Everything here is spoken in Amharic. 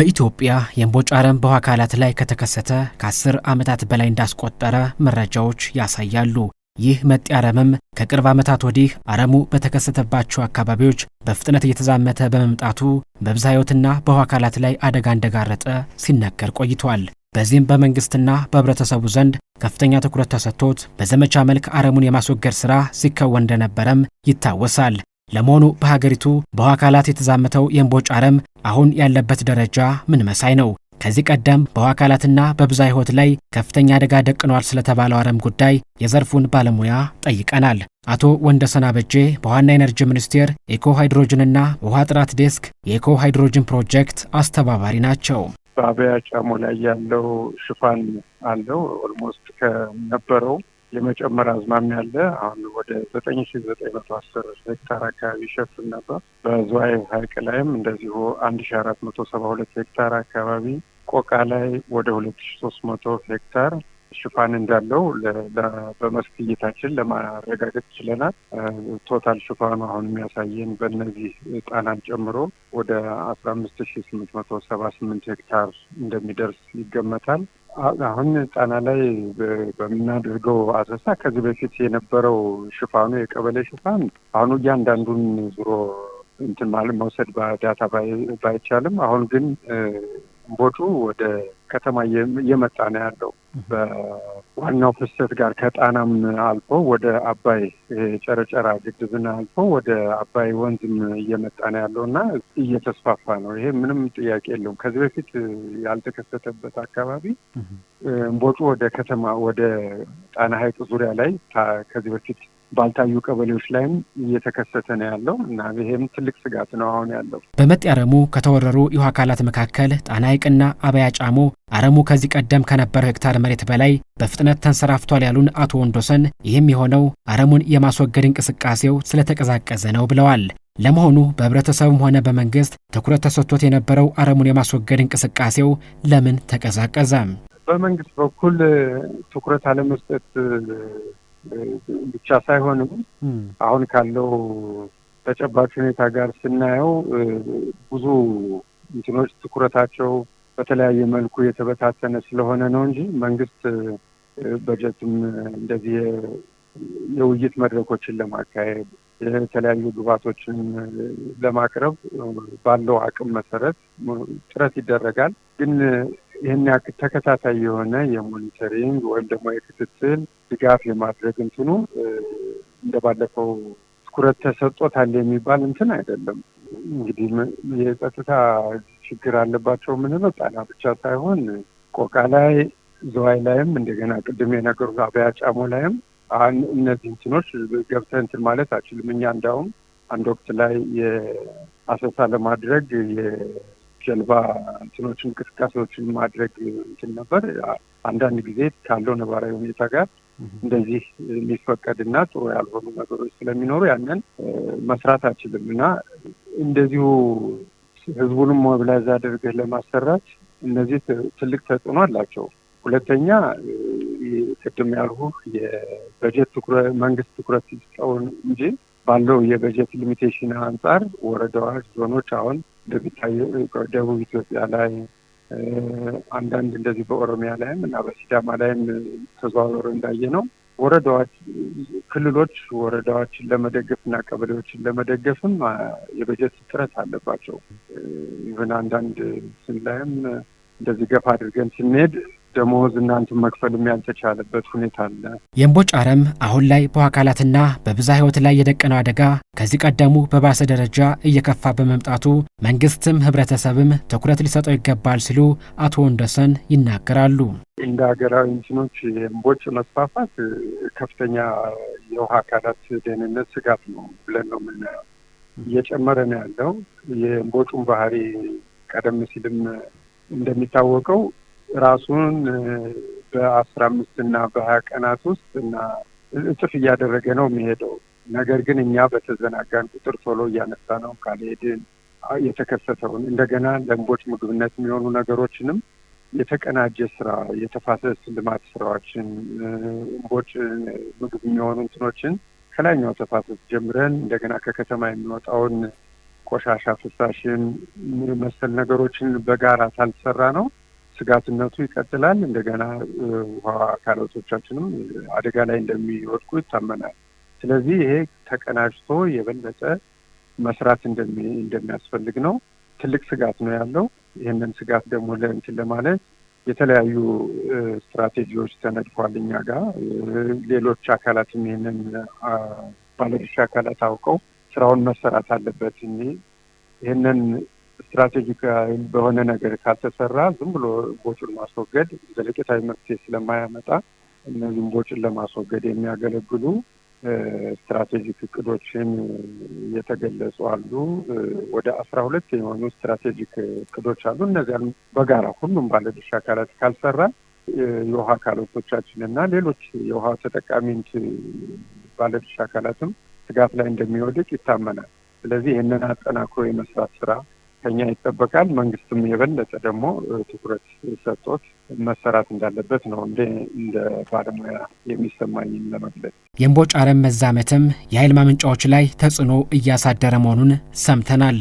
በኢትዮጵያ የእምቦጭ አረም በውሃ አካላት ላይ ከተከሰተ ከአስር ዓመታት በላይ እንዳስቆጠረ መረጃዎች ያሳያሉ። ይህ መጤ አረምም ከቅርብ ዓመታት ወዲህ አረሙ በተከሰተባቸው አካባቢዎች በፍጥነት እየተዛመተ በመምጣቱ በብዝሃ ሕይወትና በውሃ አካላት ላይ አደጋ እንደጋረጠ ሲነገር ቆይቷል። በዚህም በመንግስትና በህብረተሰቡ ዘንድ ከፍተኛ ትኩረት ተሰጥቶት በዘመቻ መልክ አረሙን የማስወገድ ሥራ ሲከወን እንደነበረም ይታወሳል። ለመሆኑ በሀገሪቱ በውሃ አካላት የተዛመተው የእምቦጭ አረም አሁን ያለበት ደረጃ ምን መሳይ ነው? ከዚህ ቀደም በውሃ አካላትና በብዝሃ ሕይወት ላይ ከፍተኛ አደጋ ደቅኗል ስለተባለው አረም ጉዳይ የዘርፉን ባለሙያ ጠይቀናል። አቶ ወንደሰና በጄ በውሃና ኤነርጂ ሚኒስቴር ኢኮ ሃይድሮጅንና ውሃ ጥራት ዴስክ የኢኮ ሃይድሮጅን ፕሮጀክት አስተባባሪ ናቸው። በአበያ ጫሞ ላይ ያለው ሽፋን አለው ኦልሞስት ከነበረው የመጨመር አዝማሚያ አለ። አሁን ወደ ዘጠኝ ሺ ዘጠኝ መቶ አስር ሄክታር አካባቢ ይሸፍን ነበር። በዝዋይ ሐይቅ ላይም እንደዚሁ አንድ ሺ አራት መቶ ሰባ ሁለት ሄክታር አካባቢ፣ ቆቃ ላይ ወደ ሁለት ሺ ሶስት መቶ ሄክታር ሽፋን እንዳለው በመስክ እይታችን ለማረጋገጥ ችለናል። ቶታል ሽፋኑ አሁን የሚያሳየን በእነዚህ ጣናን ጨምሮ ወደ አስራ አምስት ሺ ስምንት መቶ ሰባ ስምንት ሄክታር እንደሚደርስ ይገመታል። አሁን ጣና ላይ በምናደርገው አሰሳ ከዚህ በፊት የነበረው ሽፋኑ የቀበሌ ሽፋን አሁኑ እያንዳንዱን ዙሮ እንትን ማለት መውሰድ ዳታ ባይቻልም አሁን ግን ቦቱ ወደ ከተማ እየመጣ ነው ያለው። በዋናው ፍሰት ጋር ከጣናም አልፎ ወደ አባይ ጨረጨራ ግድብን አልፎ ወደ አባይ ወንዝም እየመጣ ነው ያለው እና እየተስፋፋ ነው። ይሄ ምንም ጥያቄ የለውም። ከዚህ በፊት ያልተከሰተበት አካባቢ እምቦጩ ወደ ከተማ ወደ ጣና ሐይቅ ዙሪያ ላይ ከዚህ በፊት ባልታዩ ቀበሌዎች ላይም እየተከሰተ ነው ያለው እና ይሄም ትልቅ ስጋት ነው አሁን ያለው። በመጤ አረሙ ከተወረሩ የውሃ አካላት መካከል ጣና ሐይቅና አባያ ጫሞ አረሙ ከዚህ ቀደም ከነበረው ሄክታር መሬት በላይ በፍጥነት ተንሰራፍቷል ያሉን አቶ ወንዶሰን ይህም የሆነው አረሙን የማስወገድ እንቅስቃሴው ስለተቀዛቀዘ ነው ብለዋል። ለመሆኑ በህብረተሰቡም ሆነ በመንግስት ትኩረት ተሰጥቶት የነበረው አረሙን የማስወገድ እንቅስቃሴው ለምን ተቀዛቀዘ? በመንግስት በኩል ትኩረት አለመስጠት ብቻ ሳይሆንም አሁን ካለው ተጨባጭ ሁኔታ ጋር ስናየው ብዙ እንትኖች ትኩረታቸው በተለያየ መልኩ የተበታተነ ስለሆነ ነው እንጂ መንግስት በጀትም እንደዚህ የውይይት መድረኮችን ለማካሄድ የተለያዩ ግባቶችን ለማቅረብ ባለው አቅም መሰረት ጥረት ይደረጋል ግን ይህን ያክል ተከታታይ የሆነ የሞኒተሪንግ ወይም ደግሞ የክትትል ድጋፍ የማድረግ እንትኑ እንደ ባለፈው ትኩረት ተሰጦታል የሚባል እንትን አይደለም። እንግዲህ የጸጥታ ችግር አለባቸው የምንለው ጣና ብቻ ሳይሆን ቆቃ ላይ፣ ዘዋይ ላይም እንደገና ቅድም የነገሩ አብያ ጫሞ ላይም እነዚህ እንትኖች ገብተህ እንትን ማለት አችልም። እኛ እንዳውም አንድ ወቅት ላይ የአሰሳ ለማድረግ ጀልባ እንትኖች እንቅስቃሴዎችን ማድረግ እንትን ነበር። አንዳንድ ጊዜ ካለው ነባራዊ ሁኔታ ጋር እንደዚህ የሚፈቀድና ጥሩ ያልሆኑ ነገሮች ስለሚኖሩ ያንን መስራት አችልም እና እንደዚሁ ህዝቡንም ሞብላይዝ አድርገህ ለማሰራት እነዚህ ትልቅ ተጽዕኖ አላቸው። ሁለተኛ ቅድም ያልሁ የበጀት ትኩረት መንግስት ትኩረት ሲስጠውን እንጂ ባለው የበጀት ሊሚቴሽን አንጻር ወረዳዎች፣ ዞኖች አሁን እንደሚታየው ደቡብ ኢትዮጵያ ላይ አንዳንድ እንደዚህ በኦሮሚያ ላይም እና በሲዳማ ላይም ተዘዋውሮ እንዳየ ነው ወረዳዎች፣ ክልሎች ወረዳዎችን ለመደገፍ እና ቀበሌዎችን ለመደገፍም የበጀት እጥረት አለባቸው። ይሁን አንዳንድ ስን ላይም እንደዚህ ገፋ አድርገን ስንሄድ ደሞዝ እናንትን መክፈልም ያልተቻለበት ሁኔታ አለ። የእምቦጭ አረም አሁን ላይ በአካላትና በብዝሃ ሕይወት ላይ የደቀነው አደጋ ከዚህ ቀደሙ በባሰ ደረጃ እየከፋ በመምጣቱ መንግስትም ህብረተሰብም ትኩረት ሊሰጠው ይገባል ሲሉ አቶ ወንደሰን ይናገራሉ። እንደ ሀገራዊ እንትኖች የእምቦጭ መስፋፋት ከፍተኛ የውሃ አካላት ደህንነት ስጋት ነው ብለን ነው የምናየው። እየጨመረ ነው ያለው የእምቦጩን ባህሪ ቀደም ሲልም እንደሚታወቀው ራሱን በአስራ አምስት እና በሀያ ቀናት ውስጥ እና እጥፍ እያደረገ ነው የሚሄደው። ነገር ግን እኛ በተዘናጋን ቁጥር ቶሎ እያነሳ ነው ካልሄድን የተከሰተውን እንደገና ለእንቦጭ ምግብነት የሚሆኑ ነገሮችንም የተቀናጀ ስራ የተፋሰስ ልማት ስራዎችን እንቦጭ ምግብ የሚሆኑ እንትኖችን ከላይኛው ተፋሰስ ጀምረን እንደገና ከከተማ የሚወጣውን ቆሻሻ ፍሳሽን መሰል ነገሮችን በጋራ ሳልሰራ ነው ስጋትነቱ ይቀጥላል። እንደገና ውሃ አካላቶቻችንም አደጋ ላይ እንደሚወድቁ ይታመናል። ስለዚህ ይሄ ተቀናጅቶ የበለጠ መስራት እንደሚያስፈልግ ነው። ትልቅ ስጋት ነው ያለው። ይህንን ስጋት ደግሞ ለእንትን ለማለት የተለያዩ ስትራቴጂዎች ተነድፏል እኛ ጋር። ሌሎች አካላትም ይህንን ባለድርሻ አካላት አውቀው ስራውን መሰራት አለበት። ይህንን ስትራቴጂክ በሆነ ነገር ካልተሰራ ዝም ብሎ ቦጩን ማስወገድ ዘለቄታዊ መፍትሄ ስለማያመጣ እነዚህም ቦጭን ለማስወገድ የሚያገለግሉ ስትራቴጂክ እቅዶችን የተገለጹ አሉ። ወደ አስራ ሁለት የሆኑ ስትራቴጂክ እቅዶች አሉ። እነዚያን በጋራ ሁሉም ባለድርሻ አካላት ካልሰራ የውሃ አካላቶቻችን እና ሌሎች የውሃ ተጠቃሚንት ባለድርሻ አካላትም ስጋት ላይ እንደሚወድቅ ይታመናል። ስለዚህ ይህንን አጠናክሮ የመስራት ስራ ከኛ ይጠበቃል። መንግስትም የበለጠ ደግሞ ትኩረት ሰጥቶት መሰራት እንዳለበት ነው እንደ እንደ ባለሙያ የሚሰማኝን ለመግለጽ። የእምቦጭ አረም መዛመትም የኃይል ማመንጫዎች ላይ ተጽዕኖ እያሳደረ መሆኑን ሰምተናል።